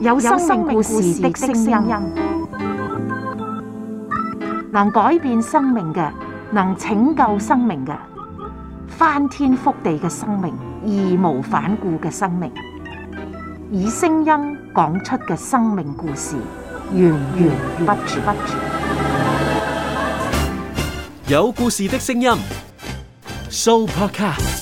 有生命故事的聲音，能改變生命嘅，能拯救生命嘅，翻天覆地嘅生命，義無反顧嘅生命，以聲音講出嘅生命故事，源源不絕。有故事的聲音，Supercar。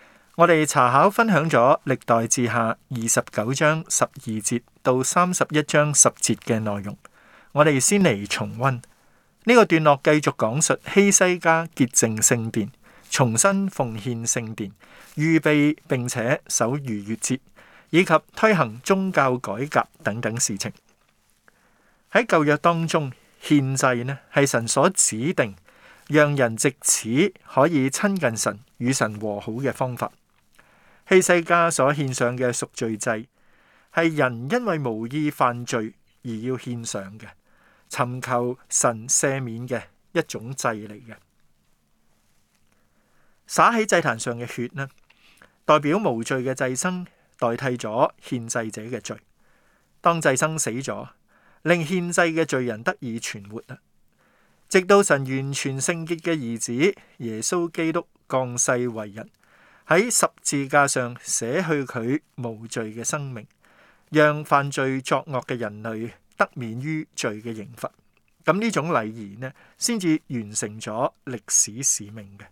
我哋查考分享咗歷代志下二十九章十二節到三十一章十節嘅內容，我哋先嚟重溫呢、這個段落，繼續講述希西家潔淨聖殿、重新奉獻聖殿、預備並且守逾越節以及推行宗教改革等等事情。喺舊約當中，獻祭呢係神所指定，讓人藉此可以親近神、與神和好嘅方法。器世家所獻上嘅贖罪祭，係人因為無意犯罪而要獻上嘅，尋求神赦免嘅一種祭嚟嘅。灑喺祭壇上嘅血呢，代表無罪嘅祭生代替咗獻祭者嘅罪，當祭生死咗，令獻祭嘅罪人得以存活啊！直到神完全聖潔嘅兒子耶穌基督降世為人。喺十字架上捨去佢無罪嘅生命，讓犯罪作惡嘅人類得免於罪嘅刑罰。咁呢種禮儀呢，先至完成咗歷史使命嘅。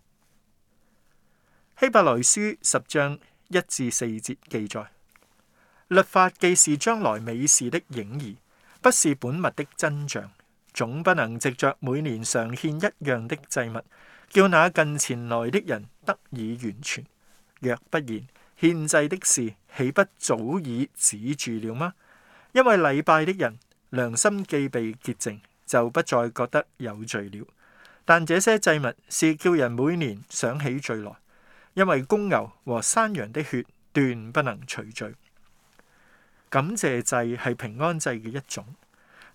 希伯來書十章一至四節記載，律法既是將來美事的影兒，不是本物的真像，總不能藉着每年常獻一樣的祭物，叫那近前來的人得以完全。若不然，獻祭的事豈不早已止住了嗎？因為禮拜的人良心既被潔淨，就不再覺得有罪了。但這些祭物是叫人每年想起罪來，因為公牛和山羊的血斷不能除罪。感謝祭係平安祭嘅一種，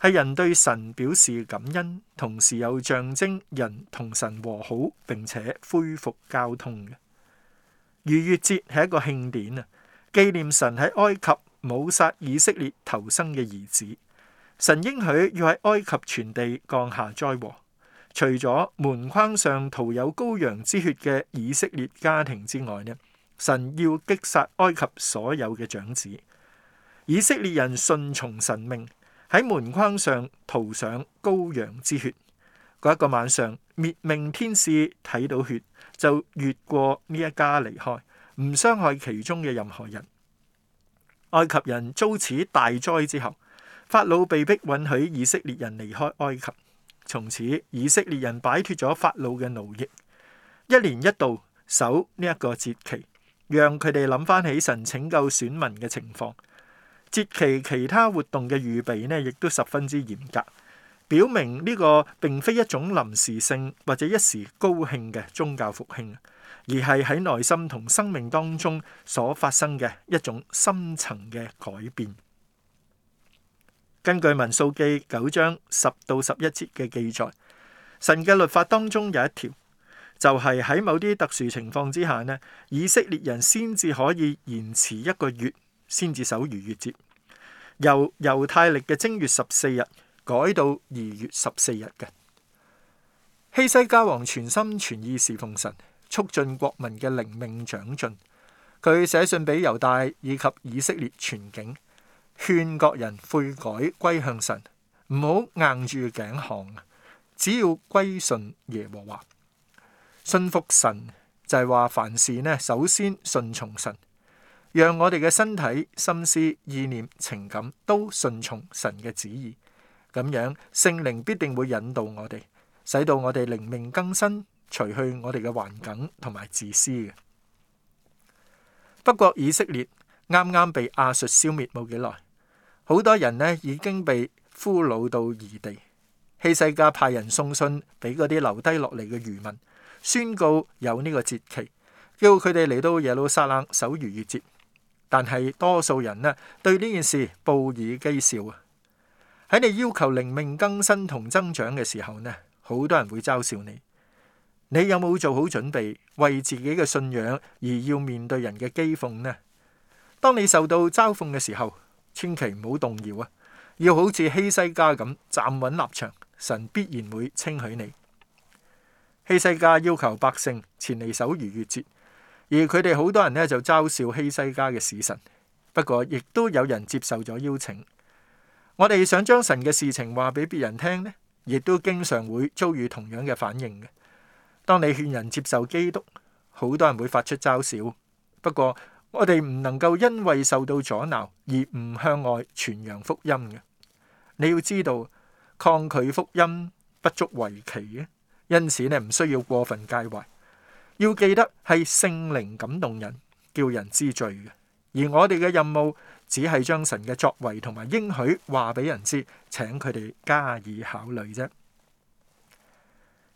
係人對神表示感恩，同時又象徵人同神和好，並且恢復交通嘅。逾越節係一個慶典啊，紀念神喺埃及武殺以色列投生嘅兒子。神應許要喺埃及全地降下災禍，除咗門框上塗有羔羊之血嘅以色列家庭之外，呢神要擊殺埃及所有嘅長子。以色列人順從神命，喺門框上塗上羔羊之血。嗰一個晚上。滅命天使睇到血，就越過呢一家離開，唔傷害其中嘅任何人。埃及人遭此大災之後，法老被迫允許以色列人離開埃及。從此，以色列人擺脫咗法老嘅奴役。一年一度守呢一個節期，讓佢哋諗翻起神拯救選民嘅情況。節期其他活動嘅預備呢，亦都十分之嚴格。表明呢個並非一種臨時性或者一時高興嘅宗教復興，而係喺內心同生命當中所發生嘅一種深層嘅改變。根據民數記九章十到十一節嘅記載，神嘅律法當中有一條，就係、是、喺某啲特殊情況之下呢，以色列人先至可以延遲一個月先至守逾越節。由猶太歷嘅正月十四日，改到二月十四日嘅。希西家王全心全意侍奉神，促進國民嘅靈命長進。佢寫信俾猶大以及以色列全境，勸國人悔改歸向神，唔好硬住頸項，只要歸順耶和華，信服神就係話凡事呢，首先順從神，讓我哋嘅身體、心思、意念、情感都順從神嘅旨意。咁樣，聖靈必定會引導我哋，使到我哋靈命更新，除去我哋嘅環境同埋自私嘅。 不過以色列啱啱被亞述消滅冇幾耐，好多人呢已經被俘虜到異地。希西家派人送信俾嗰啲留低落嚟嘅餘民，宣告有呢個節期，叫佢哋嚟到耶路撒冷守逾越節。但係多數人呢，對呢件事報以譏笑啊！喺你要求靈命更新同增長嘅時候呢，好多人會嘲笑你。你有冇做好準備為自己嘅信仰而要面對人嘅譏諷呢？當你受到嘲諷嘅時候，千祈唔好動搖啊！要好似希西家咁站穩立場，神必然會稱許你。希西家要求百姓前嚟守逾越節，而佢哋好多人呢就嘲笑希西家嘅使臣。不過亦都有人接受咗邀請。我哋想將神嘅事情話俾別人聽呢，亦都經常會遭遇同樣嘅反應嘅。當你勸人接受基督，好多人會發出嘲笑。不過我哋唔能夠因為受到阻撓而唔向外傳揚福音嘅。你要知道抗拒福音不足為奇嘅，因此你唔需要過分介懷。要記得係聖靈感動人，叫人知罪嘅，而我哋嘅任務。只係將神嘅作為同埋應許話俾人知，請佢哋加以考慮啫。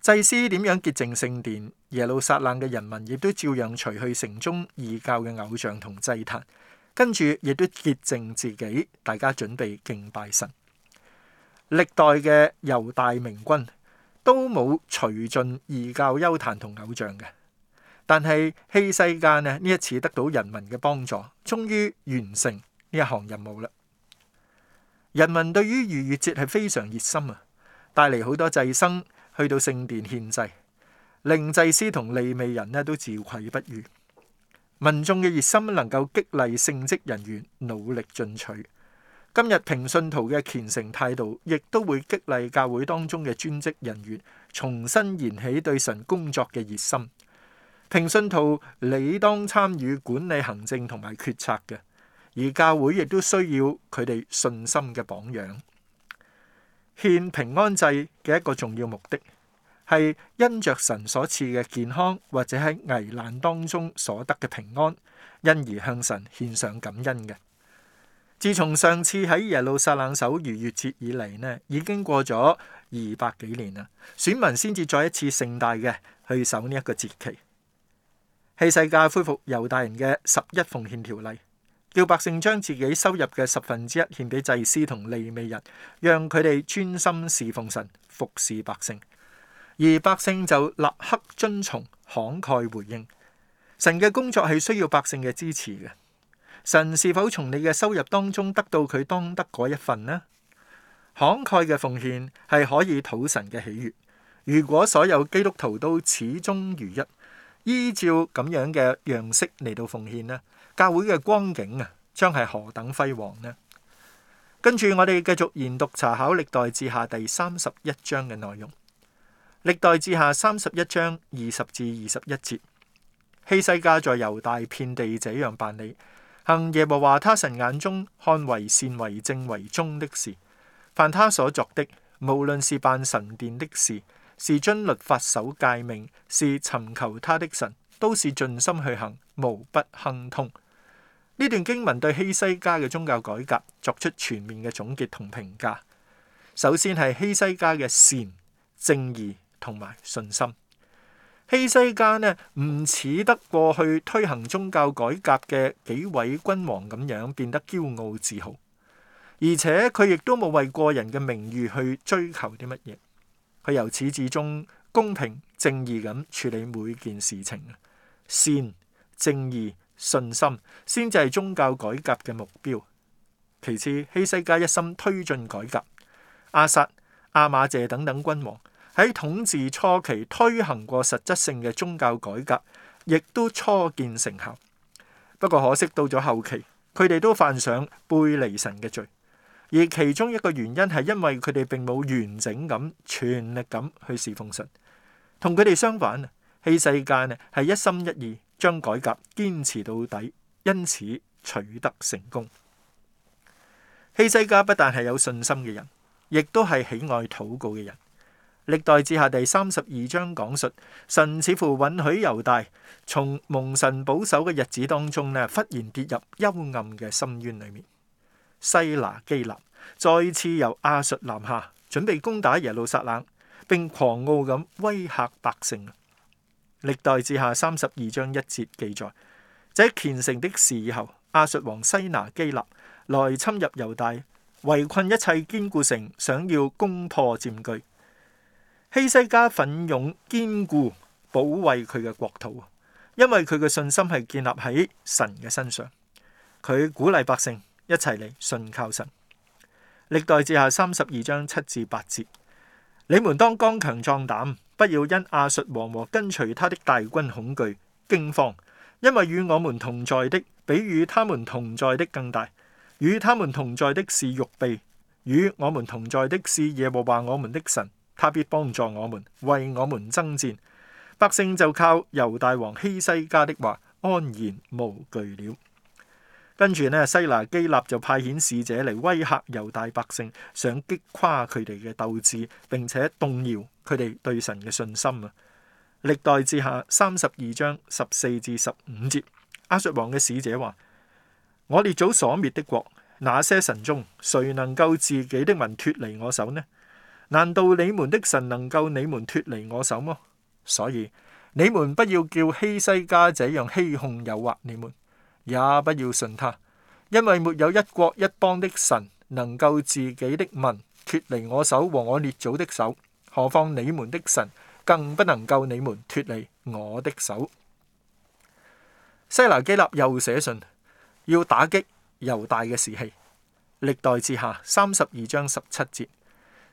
祭司點樣潔淨聖殿？耶路撒冷嘅人民亦都照樣除去城中異教嘅偶像同祭壇，跟住亦都潔淨自己。大家準備敬拜神。歷代嘅猶大明君都冇除盡異教邱壇同偶像嘅，但係希西家呢呢一次得到人民嘅幫助，終於完成。呢一行任務啦，人民對於逾越節係非常熱心啊，帶嚟好多祭牲去到聖殿獻祭，令祭司同利未人呢都自愧不如。民眾嘅熱心能夠激勵聖職人員努力進取。今日平信徒嘅虔誠態度，亦都會激勵教會當中嘅專職人員重新燃起對神工作嘅熱心。平信徒理當參與管理行政同埋決策嘅。而教會亦都需要佢哋信心嘅榜樣。獻平安祭嘅一個重要目的係因着神所賜嘅健康，或者喺危難當中所得嘅平安，因而向神獻上感恩嘅。自從上次喺耶路撒冷守逾越節以嚟呢，已經過咗二百幾年啦，選民先至再一次盛大嘅去守呢一個節期，喺世界恢復猶大人嘅十一奉獻條例。叫百姓將自己收入嘅十分之一獻俾祭司同利未人，讓佢哋專心侍奉神、服侍百姓，而百姓就立刻遵從，慷慨回應。神嘅工作係需要百姓嘅支持嘅。神是否從你嘅收入當中得到佢當得嗰一份呢？慷慨嘅奉獻係可以討神嘅喜悅。如果所有基督徒都始終如一，依照咁樣嘅樣式嚟到奉獻呢？教會嘅光景啊，將係何等輝煌呢？跟住我哋繼續研讀查考歷代志下第三十一章嘅內容。歷代志下三十一章二十至二十一節，希西家在猶大遍地這樣辦理，行耶和華他神眼中看為善為正為忠的事。凡他所作的，無論是辦神殿的事，是遵律法守誡命，是尋求他的神，都是盡心去行，無不亨通。呢段經文對希西家嘅宗教改革作出全面嘅總結同評價。首先係希西家嘅善、正義同埋信心。希西家呢，唔似得過去推行宗教改革嘅幾位君王咁樣變得驕傲自豪，而且佢亦都冇為個人嘅名譽去追求啲乜嘢。佢由始至終公平正義咁處理每件事情。善、正義。信心先至係宗教改革嘅目標。其次，希西家一心推進改革，亞撒、亞瑪謝等等君王喺統治初期推行過實質性嘅宗教改革，亦都初見成效。不過可惜，到咗後期，佢哋都犯上背離神嘅罪。而其中一個原因係因為佢哋並冇完整咁、全力咁去侍奉神。同佢哋相反，希西家呢，係一心一意。將改革堅持到底，因此取得成功。希西家不但係有信心嘅人，亦都係喜愛禱告嘅人。歷代志下第三十二章講述，神似乎允許猶大從蒙神保守嘅日子當中咧，忽然跌入幽暗嘅深淵裏面。西拿基立再次由亞述南下，準備攻打耶路撒冷，並狂傲咁威吓百姓。歷代誌下三十二章一節記載：在虔誠的時候，亞述王西拿基立來侵入猶大，圍困一切堅固城，想要攻破佔據。希西家奮勇堅固保衛佢嘅國土，因為佢嘅信心係建立喺神嘅身上，佢鼓勵百姓一齊嚟信靠神。歷代誌下三十二章七至八節。你們當剛強壯膽，不要因亞述王和跟隨他的大軍恐懼驚慌，因為與我們同在的，比與他們同在的更大。與他們同在的是肉臂，與我們同在的是耶和華我們的神，他必幫助我們，為我們爭戰。百姓就靠猶大王希西家的話安然無懼了。跟住呢，西拿基立就派遣使者嚟威嚇猶大百姓，想擊垮佢哋嘅鬥志，並且動搖佢哋對神嘅信心啊。歷代志下三十二章十四至十五節，亞述王嘅使者話：我列祖所滅的國，那些神中，誰能夠自己的民脫離我手呢？難道你們的神能夠你們脫離我手麼？所以你們不要叫希西家這樣欺哄誘惑你們。也不要信他，因為沒有一國一邦的神能夠自己的民脱離我手和我列祖的手，何況你們的神更不能夠你們脱離我的手。西拿基立又寫信要打擊猶大嘅士氣，歷代志下三十二章十七節。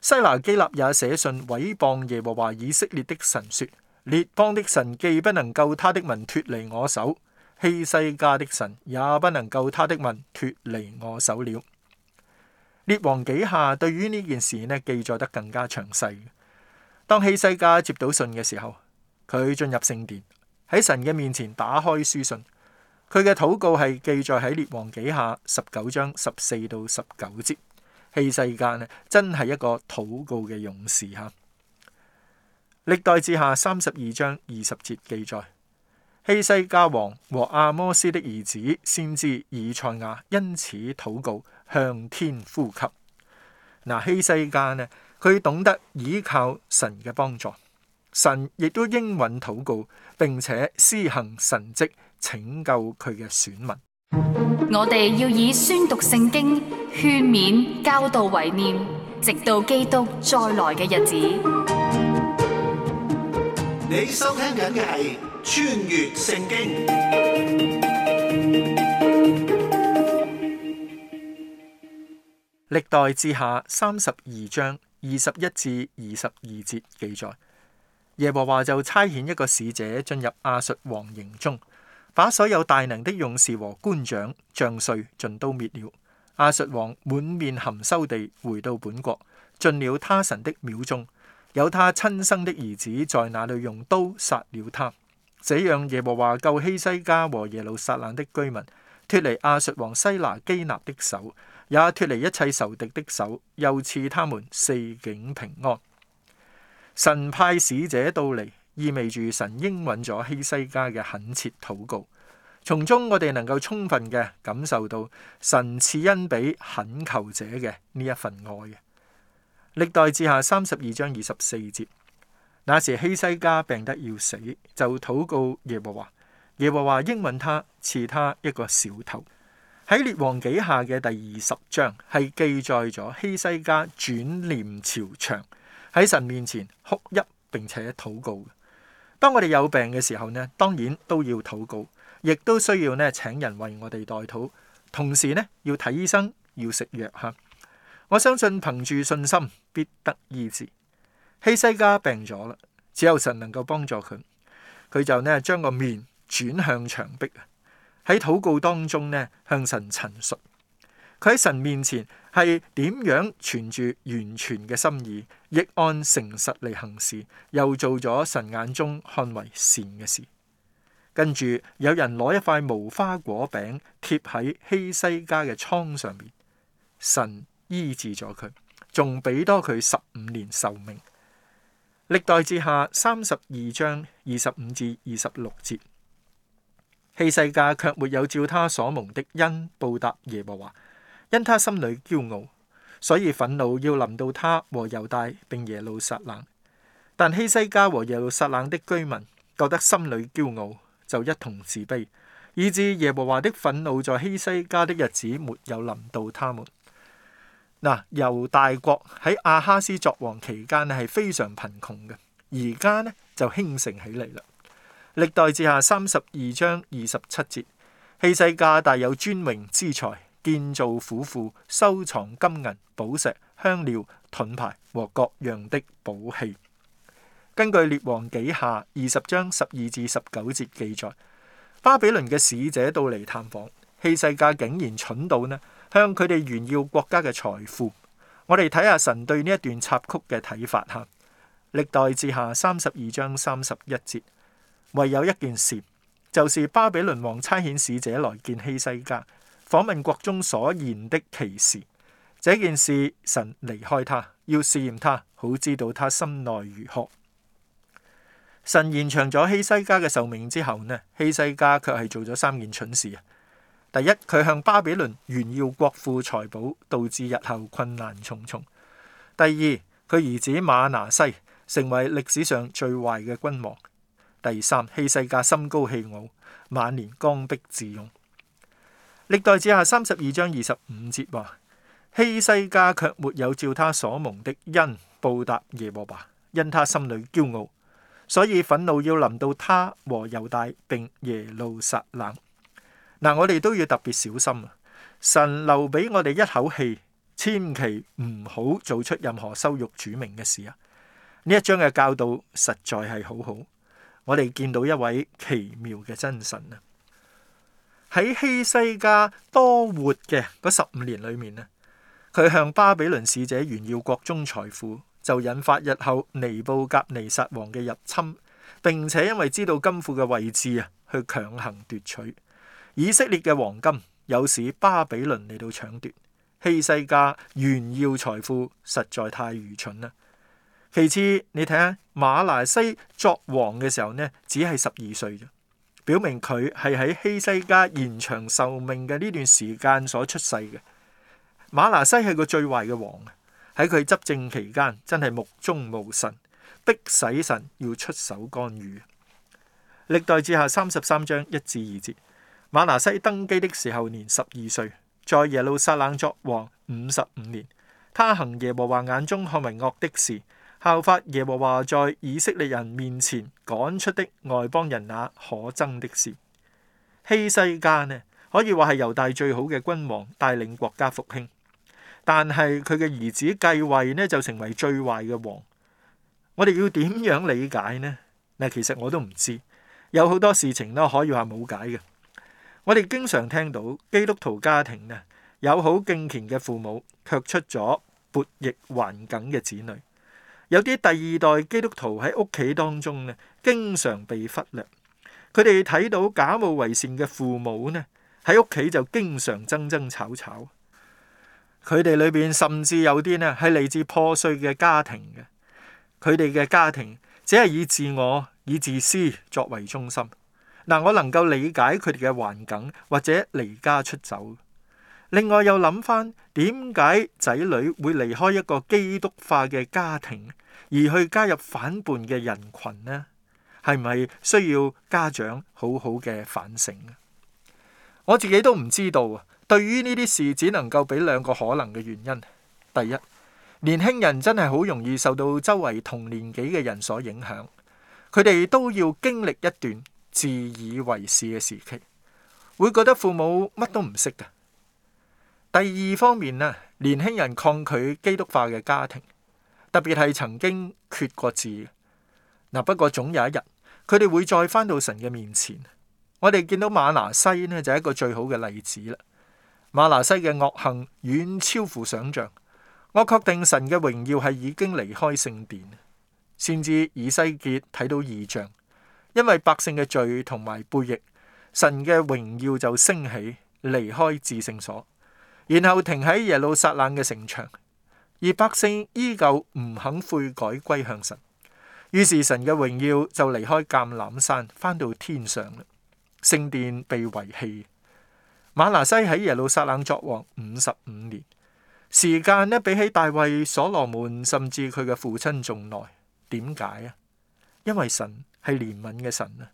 西拿基立也寫信毀謗耶和華以色列的神說，說列邦的神既不能救他的民脱離我手。希西家的神也不能救他的民脫離我手了。列王紀下對於呢件事呢記載得更加詳細。當希西家接到信嘅時候，佢進入聖殿喺神嘅面前打開書信。佢嘅禱告係記載喺列王紀下十九章十四到十九節。希西家呢真係一個禱告嘅勇士哈。歷代志下三十二章二十節記載。希西家王和阿摩斯的兒子先知以賽亞因此禱告，向天呼吸。嗱，希西家呢，佢懂得倚靠神嘅幫助，神亦都應允禱告，並且施行神蹟拯救佢嘅選民。我哋要以宣讀聖經、勸勉、教導為念，直到基督再來嘅日子。你收聽緊嘅係。穿越聖經，歷代志下三十二章二十一至二十二節記載，耶和華就差遣一個使者進入亞述王營中，把所有大能的勇士和官長、將帥盡都滅了。亞述王滿面含羞地回到本國，進了他神的廟中，有他親生的兒子在那裏用刀殺了他。這樣耶和華救希西家和耶路撒冷的居民脱離亞述王西拿基納的手，也脱離一切仇敵的手，又賜他們四境平安。神派使者到嚟，意味住神應允咗希西家嘅懇切禱告，從中我哋能夠充分嘅感受到神賜恩俾懇求者嘅呢一份愛嘅。歷代志下三十二章二十四節。那時希西家病得要死，就禱告耶和華。耶和華應允他，賜他一個小頭。喺列王紀下嘅第二十章係記載咗希西家轉臉朝牆喺神面前哭泣並且禱告。當我哋有病嘅時候呢，當然都要禱告，亦都需要呢請人為我哋代禱，同時呢要睇醫生，要食藥吓。我相信憑住信心必得醫治。希西家病咗啦，只有神能夠幫助佢。佢就呢將個面轉向牆壁啊，喺禱告當中呢向神陳述，佢喺神面前係點樣存住完全嘅心意，亦按誠實嚟行事，又做咗神眼中看為善嘅事。跟住有人攞一塊無花果餅貼喺希西家嘅瘡上面，神醫治咗佢，仲俾多佢十五年壽命。歷代志下三十二章二十五至二十六節，希西家卻沒有照他所蒙的恩報答耶和華，因他心裏驕傲，所以憤怒要臨到他和猶大，並耶路撒冷。但希西家和耶路撒冷的居民覺得心裏驕傲，就一同自卑，以致耶和華的憤怒在希西家的日子沒有臨到他們。嗱，猶大國喺亞哈斯作王期間咧，係非常貧窮嘅，而家呢就興盛起嚟啦。歷代志下三十二章二十七節，希西家大有尊榮之財，建造府庫，收藏金銀、寶石、香料、盾牌和各樣的寶器。根據列王紀下二十章十二至十九節記載，巴比倫嘅使者到嚟探訪，希西家竟然蠢到呢～向佢哋炫耀國家嘅財富，我哋睇下神對呢一段插曲嘅睇法吓。歷代志下三十二章三十一節，唯有一件事，就是巴比倫王差遣使者來見希西家，訪問國中所言的奇事。這件事神離開他，要試驗他，好知道他心內如何。神延長咗希西家嘅壽命之後呢，希西家卻係做咗三件蠢事啊。第一，佢向巴比倫炫耀國庫財寶，導致日後困難重重。第二，佢兒子馬拿西成為歷史上最壞嘅君王。第三，希西家心高氣傲，晚年剛愎自用。歷代志下三十二章二十五節話，希西家卻沒有照他所蒙的恩報答耶和華，因他心裏驕傲，所以憤怒要臨到他和猶大並耶路撒冷。嗱，我哋都要特別小心啊！神留俾我哋一口氣，千祈唔好做出任何羞辱主名嘅事啊！呢一章嘅教導實在係好好，我哋見到一位奇妙嘅真神啊！喺希西家多活嘅嗰十五年裏面啊，佢向巴比倫使者炫耀國中財富，就引發日後尼布甲尼撒王嘅入侵，並且因為知道金庫嘅位置啊，去強行奪取。以色列嘅黃金有使巴比倫嚟到搶奪，希西家炫耀財富實在太愚蠢啦。其次，你睇下馬拿西作王嘅時候呢，只係十二歲啫，表明佢係喺希西家延長壽命嘅呢段時間所出世嘅。馬拿西係個最壞嘅王，喺佢執政期間真係目中無神，逼使神要出手干預。歷代志下三十三章一至二節。馬拿西登基的時候年十二歲，在耶路撒冷作王五十五年，他行耶和華眼中看為惡的事，效法耶和華在以色列人面前趕出的外邦人那可憎的事。希西家呢，可以話係猶大最好嘅君王，帶領國家復興。但係佢嘅兒子繼位呢，就成為最壞嘅王。我哋要點樣理解呢？嗱，其實我都唔知，有好多事情都可以話冇解嘅。我哋經常聽到基督徒家庭咧，有好敬虔嘅父母，卻出咗悖逆、頑梗嘅子女。有啲第二代基督徒喺屋企當中咧，經常被忽略。佢哋睇到假冒為善嘅父母咧，喺屋企就經常爭爭吵吵。佢哋裏邊甚至有啲咧，係嚟自破碎嘅家庭嘅。佢哋嘅家庭只係以自我、以自私作為中心。嗱，我能夠理解佢哋嘅環境或者離家出走。另外又諗翻點解仔女會離開一個基督化嘅家庭，而去加入反叛嘅人群呢？係咪需要家長好好嘅反省？我自己都唔知道啊。對於呢啲事，只能夠俾兩個可能嘅原因。第一，年輕人真係好容易受到周圍同年紀嘅人所影響，佢哋都要經歷一段。自以為是嘅時期，會覺得父母乜都唔識嘅。第二方面啊，年輕人抗拒基督化嘅家庭，特別係曾經缺過字嗱。不過總有一日，佢哋會再返到神嘅面前。我哋見到馬拿西咧，就係一個最好嘅例子啦。馬拿西嘅惡行遠超乎想象，我確定神嘅榮耀係已經離開聖殿，先至以西結睇到異象。因為百姓嘅罪同埋背逆，神嘅榮耀就升起離開至聖所，然後停喺耶路撒冷嘅城牆，而百姓依舊唔肯悔改歸向神，於是神嘅榮耀就離開橄欖山返到天上啦，聖殿被遺棄。瑪拿西喺耶路撒冷作王五十五年，時間呢比起大衛、所羅門甚至佢嘅父親仲耐，點解啊？因為神。係憐憫嘅神啊！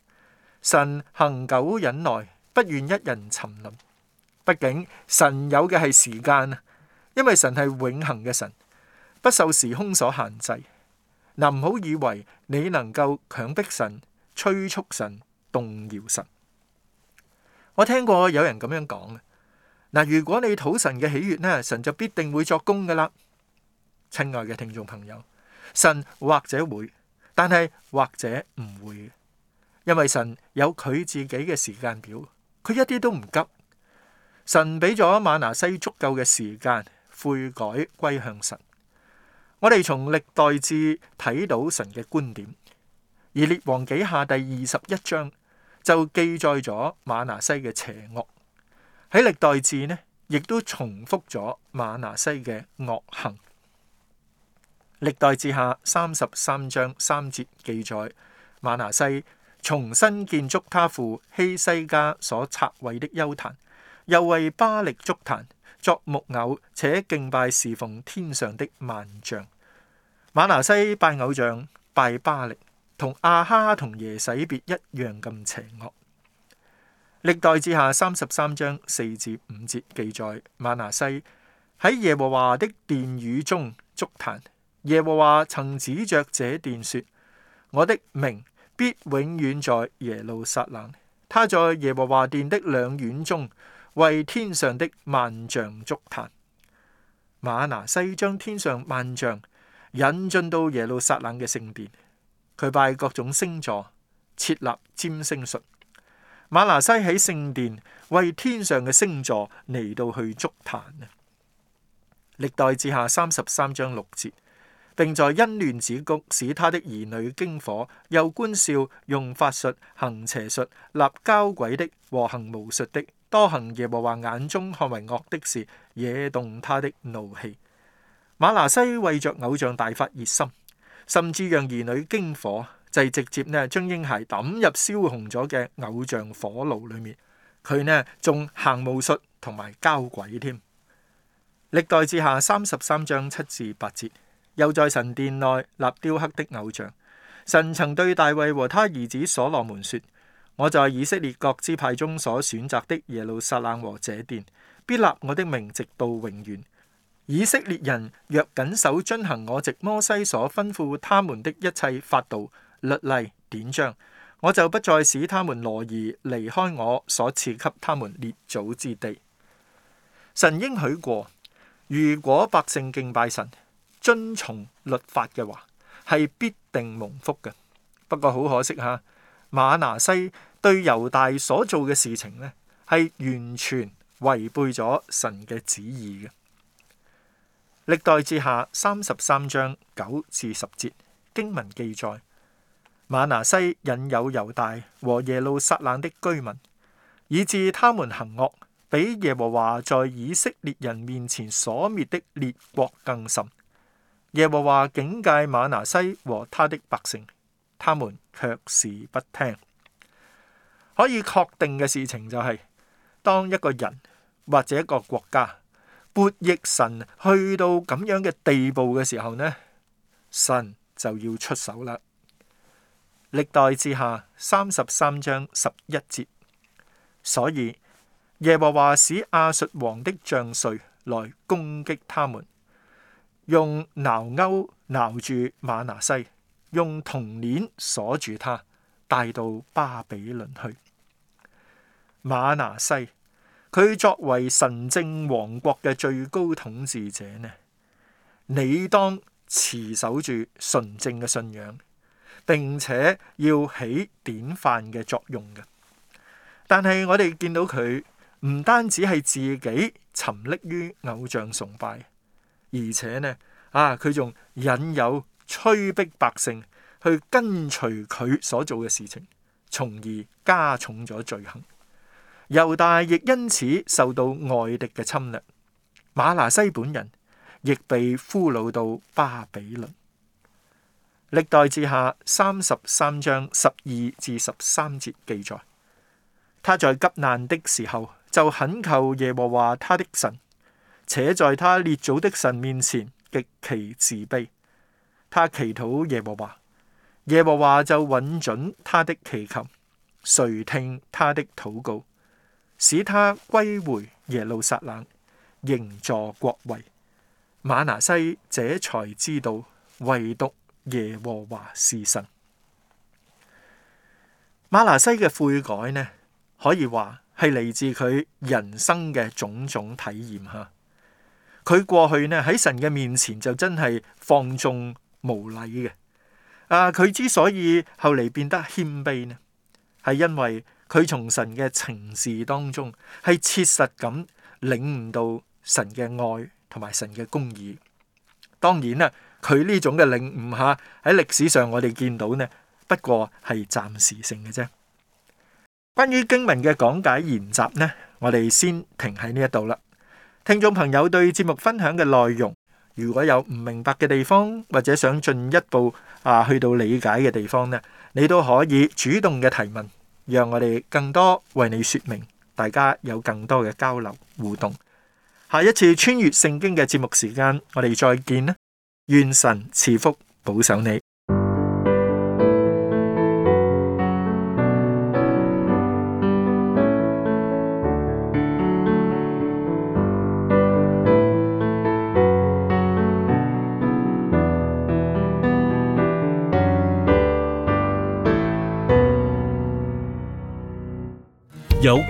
神恆久忍耐，不願一人沉淪。畢竟神有嘅係時間啊，因為神係永恆嘅神，不受時空所限制。嗱、呃，唔好以為你能夠強迫神、催促神、動搖神。我聽過有人咁樣講啊！嗱、呃，如果你討神嘅喜悅呢，神就必定會作功噶啦。親愛嘅聽眾朋友，神或者會。但係或者唔會，因為神有佢自己嘅時間表，佢一啲都唔急。神俾咗馬拿西足夠嘅時間悔改歸向神。我哋從歷代志睇到神嘅觀點，而列王紀下第二十一章就記載咗馬拿西嘅邪惡。喺歷代志呢，亦都重複咗馬拿西嘅惡行。歷代志下三十三章三節記載，馬拿西重新建築他父希西家所拆毀的丘壇，又為巴力築壇作木偶，且敬拜侍奉天上的萬象。馬拿西拜偶像、拜巴力，同亞哈同耶洗別一樣咁邪惡。歷代志下三十三章四至五節記載，馬拿西喺耶和華的殿宇中築壇。耶和華曾指着這殿說：我的名必永遠在耶路撒冷，他在耶和華殿的兩院中為天上的萬象築壇。馬拿西將天上萬象引進到耶路撒冷嘅聖殿，佢拜各種星座，設立占星術。馬拿西喺聖殿為天上嘅星座嚟到去築壇啊！歷代志下三十三章六節。並在欣嫩子谷，使他的兒女經火，又觀兆，用法術，行邪術，立交鬼的和行巫術的，多行耶和華眼中看為惡的事，惹動他的怒氣。馬拿西為着偶像大發熱心，甚至讓兒女經火，就係、是、直接呢將嬰孩抌入燒紅咗嘅偶像火爐裏面。佢呢仲行巫術同埋交鬼添。歷代志下三十三章七至八節。又在神殿內立雕刻的偶像。神曾對大衛和他兒子所羅門說：我在以色列各支派中所選擇的耶路撒冷和這殿，必立我的名，直到永遠。以色列人若謹守遵行我藉摩西所吩咐他們的一切法度、律例、典章，我就不再使他們挪移離開我所賜給他們列祖之地。神應許過，如果百姓敬拜神。遵從律法嘅話係必定蒙福嘅。不過好可惜嚇，馬拿西對猶大所做嘅事情呢，係完全違背咗神嘅旨意嘅。歷代志下三十三章九至十節經文記載，馬拿西引誘猶大和耶路撒冷的居民，以致他們行惡，比耶和華在以色列人面前所滅的列國更甚。耶和華警戒馬拿西和他的百姓，他們卻是不聽。可以確定嘅事情就係、是，當一個人或者一個國家悖逆神去到咁樣嘅地步嘅時候呢，神就要出手啦。歷代志下三十三章十一節，所以耶和華使亞述王的將帥來攻擊他們。.用撓鈎撓住馬拿西，用銅鏈鎖住他，帶到巴比倫去。馬拿西，佢作為神政王國嘅最高統治者呢，你當持守住純正嘅信仰，並且要起典範嘅作用嘅。但係我哋見到佢唔單止係自己沉溺於偶像崇拜。而且呢，啊，佢仲引誘、催逼百姓去跟隨佢所做嘅事情，從而加重咗罪行。猶大亦因此受到外敵嘅侵略，瑪拿西本人亦被俘虜到巴比倫。歷代志下三十三章十二至十三節記載，他在急難的時候就懇求耶和華他的神。且在他列祖的神面前極其自卑，他祈禱耶和華，耶和華就允准他的祈求，垂聽他的禱告，使他歸回耶路撒冷，仍坐國位。馬拿西這才知道，唯獨耶和華是神。馬拿西嘅悔改呢，可以話係嚟自佢人生嘅種種體驗吓。佢過去呢，喺神嘅面前就真係放縱無禮嘅。啊，佢之所以後嚟變得謙卑呢，係因為佢從神嘅情事當中係切實咁領悟到神嘅愛同埋神嘅公義。當然啦，佢呢種嘅領悟下，喺歷史上我哋見到呢，不過係暫時性嘅啫。關於經文嘅講解研習呢，我哋先停喺呢一度啦。聽眾朋友對節目分享嘅內容，如果有唔明白嘅地方，或者想進一步啊去到理解嘅地方咧，你都可以主動嘅提問，讓我哋更多為你說明，大家有更多嘅交流、互動。下一次穿越聖經嘅節目時間，我哋再見啦！願神賜福保守你。